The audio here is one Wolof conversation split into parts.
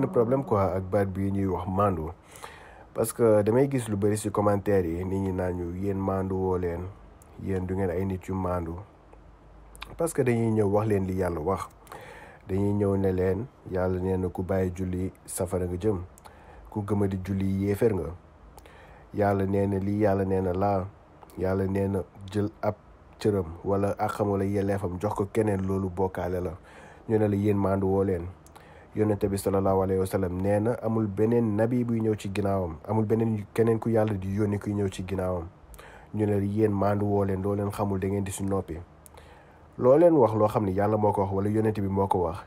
benn problème quoi ak baat bi ñuy wax mandu parce que damay gis lu bëri ci commentaire yi nit ñi naa ñu yéen mandu woo leen yéen du ngeen ay nit yu mandu parce que dañuy ñëw wax leen li yàlla wax dañuy ñëw ne leen yàlla nee na ku bàyyi julli safara nga jëm ku gëma di julli yéeféer nga yàlla nee na lii yàlla nee na laa yàlla nee na jël ab cëram wala ak xam wala yelleefam jox ko keneen loolu bokkaale la ñu ne la yéen mandu woo leen yonente bi sallallahu alayhi wa sallam nee na amul beneen nabi buy ñëw ci ginnaawam amul beneen keneen ku yàlla di yónni kuy ñëw ci ginnaawam ñu ne yéen maandu woo leen loo leen xamul da ngeen di si noppi loo leen wax loo xam ne yàlla moo ko wax wala yonente bi moo ko wax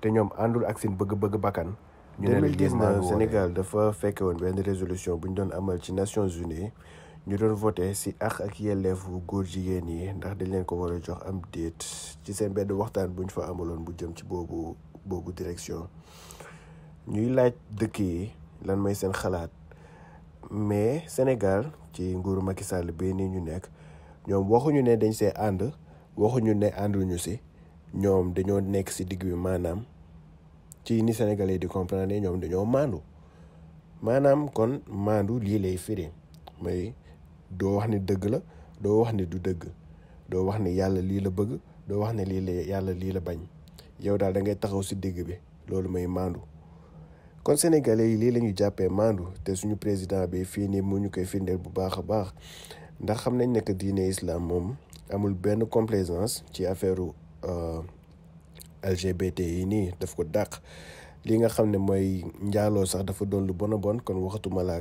te ñoom àndul ak seen bëgg-bëgg bakkan ñu ne leen yéen Sénégal dafa fekke woon benn résolution bu ñu doon amal ci Nations Unies ñu doon voté si àq ak yelleefu góor jigéen yi ndax dañ leen ko war a jox am déet ci seen benn waxtaan bu ñu fa amaloon bu jëm ci boobu boobu direction ñuy laaj dëkk yi lan mooy seen xalaat mais Sénégal ci nguuru Macky Sall bii nii ñu nekk ñoom waxuñu ne dañ see ànd waxuñu ne ànduñu si ñoom dañoo nekk si digg bi maanaam ci ni Sénégalais di comprendre ne ñoom dañoo maandu maanaam kon maandu lii lay firi mooy doo wax ni dëgg la doo wax ni du dëgg doo wax ni yàlla lii la bëgg doo wax ne lii la yàlla lii la bañ yow daal da ngay taxaw si digg bi loolu mooy maandu kon sénégalais yi lii lañuy jàppee maandu te suñu président bi fii nii mu ñu koy firndeel bu baax a baax ndax xam nañ nekk diine islam moom amul benn complaisance ci affaire euh, LGBT yi nii daf ko dàq li nga xam ne mooy njaaloo sax dafa doon lu bon a bon kon waxatuma la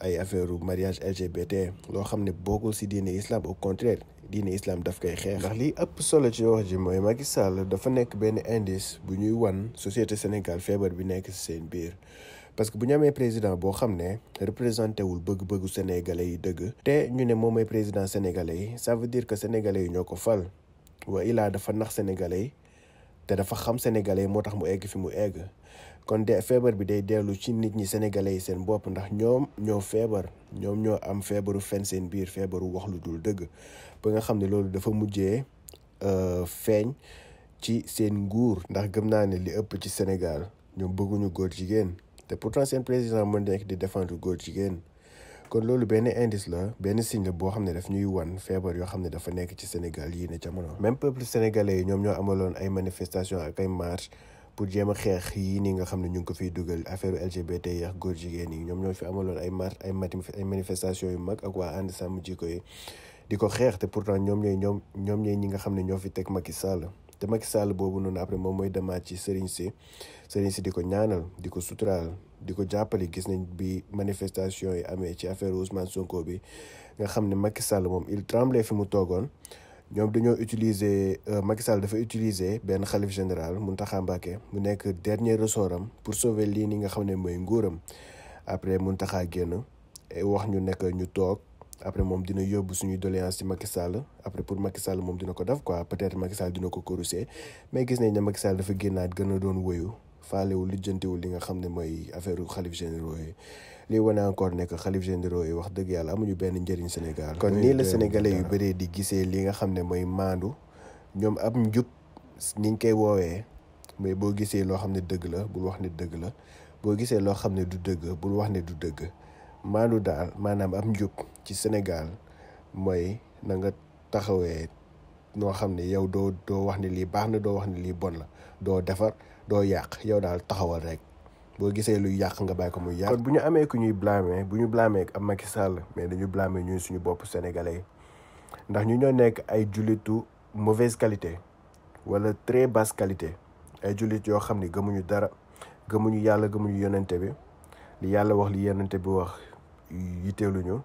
ay affaire mariage LGBT loo xam ne bokkul si diine islam au contraire diine islam daf koy xeex. ndax li ëpp solo ci wax ji mooy Macky dafa nekk benn indice bu ñuy wan société Sénégal feebar bi nekk ci seen biir. parce que bu ñu amee président boo xam ne représenté wul bëgg-bëggu sénégale yi dëgg. te ñu ne moom mooy président sénégalais yi ça veut dire que sénégalais yi ñoo ko fal wa ilaa dafa nax sénégalais yi. te dafa xam sénégalais moo tax mu egg fi mu egg kon de feebar bi day dellu ci nit ñi sénégalais yi seen bopp ndax ñoom ñoo feebar ñoom ñoo am feebaru fen seen biir feebaru wax lu dul dëgg ba nga xam ne loolu dafa mujjee euh, feeñ ci seen nguur ndax gëm naa ne li ëpp ci Sénégal ñoom bëgguñu góor jigéen te pourtant seen président mën nekk di défendre góor jigéen kon loolu benn indice la benn signe la boo xam ne daf ñuy wan feebar yoo xam ne dafa nekk ci Sénégal yi ne jamono même peuple sénégalais yi ñoom ñoo amaloon ay manifestations ak ay marches a xeex yii nii nga xam ne ñu ngi ko fiy dugal affaire LGBT yi ak góor jigéen yi ñoom ñoo fi amaloon ay marches ay ay manifestations yu mag ak waa ànd sàmm jikko yi di ko xeex te pourtant ñoom ñooy ñoom ñoom ñooy ñi nga xam ne ñoo fi teg Macky Sall te Macky Sall boobu noonu après moom mooy demaat ci sëriñ si sëriñ si di ko ñaanal di ko suturaal di ko jàppale gis nañ bi manifestation yi amee ci affaire Ousmane Sonko bi nga xam ne Macky Sall moom il tremblait fi mu toogoon ñoom dañoo utiliser euh, Macky Sall dafa utiliser benn xalif général Mountakha Mbacké mu nekk dernier ressort am pour sauver lii ni nga xam ne mooy nguuram après Mountakha génn wax ñu nekk ñu toog après moom dina yóbbu suñuy doléance ci Macky Sall après pour Macky Sall moom dina ko def ko peut-être Macky Sall dina ko corriger mais gis nañ ne Macky Sall dafa génnaat gën a doon wëyu faalewul lijjantiwul li nga xam ne mooy affaire xalif généraux yi lii wane encore nekk xalif généraux yi wax dëgg yàlla amuñu benn njëriñ Sénégal kon nii la sénégalais yu baree di gisee li nga xam ne mooy maandu ñoom ab njub niñ ñu koy woowee mais boo gisee loo xam ne dëgg la bul wax ne dëgg la boo gisee loo xam ne du dëgg bul wax ne du dëgg maandu daal maanaam ab njub ci Sénégal mooy na nga taxawee noo xam ne yow doo doo wax ne lii baax na doo wax ne lii bon la doo defar doo yàq yow daal taxawal rek boo gisee luy yàq nga bàyyi ko muy yàq. bu ñu amee ku ñuy blâmer bu ñu blâmer am Macky Sall mais dañu blâmer ñun suñu bopp sénégalais ndax ñu ñoo nekk ay jullitu mauvaise qualité wala très basse qualité ay jullit yoo xam ni gëmuñu dara gëmuñu yàlla gëmuñu yonente bi li yàlla wax li yonente bi wax yiteeluñu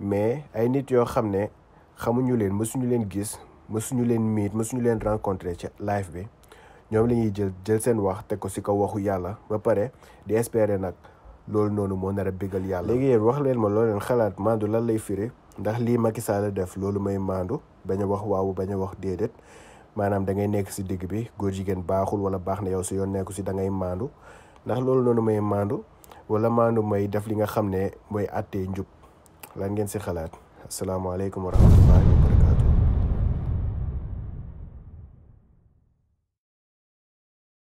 mais ay nit yoo xam ne xamuñu leen mësuñu leen gis mësuñu leen miit mësuñu leen rencontré ci live bi. ñoom la ñuy jël jël seen wax teg ko si kaw waxu yàlla ba pare di espérer nag loolu noonu moo nar a bégal yàlla. léegi yéen wax leen ma loo leen xalaat maandu lan lay firi ndax lii Macky Sall def loolu may maandu bañ a wax waaw bañ a wax déedéet maanaam da ngay nekk si digg bi góor jigéen baaxul wala baax na yow si yoon nekku si da ngay maandu ndax loolu noonu may maandu wala maandu may def li nga xam ne mooy àttee njub lan ngeen si xalaat asalaamaaleykum wa rahmatulah.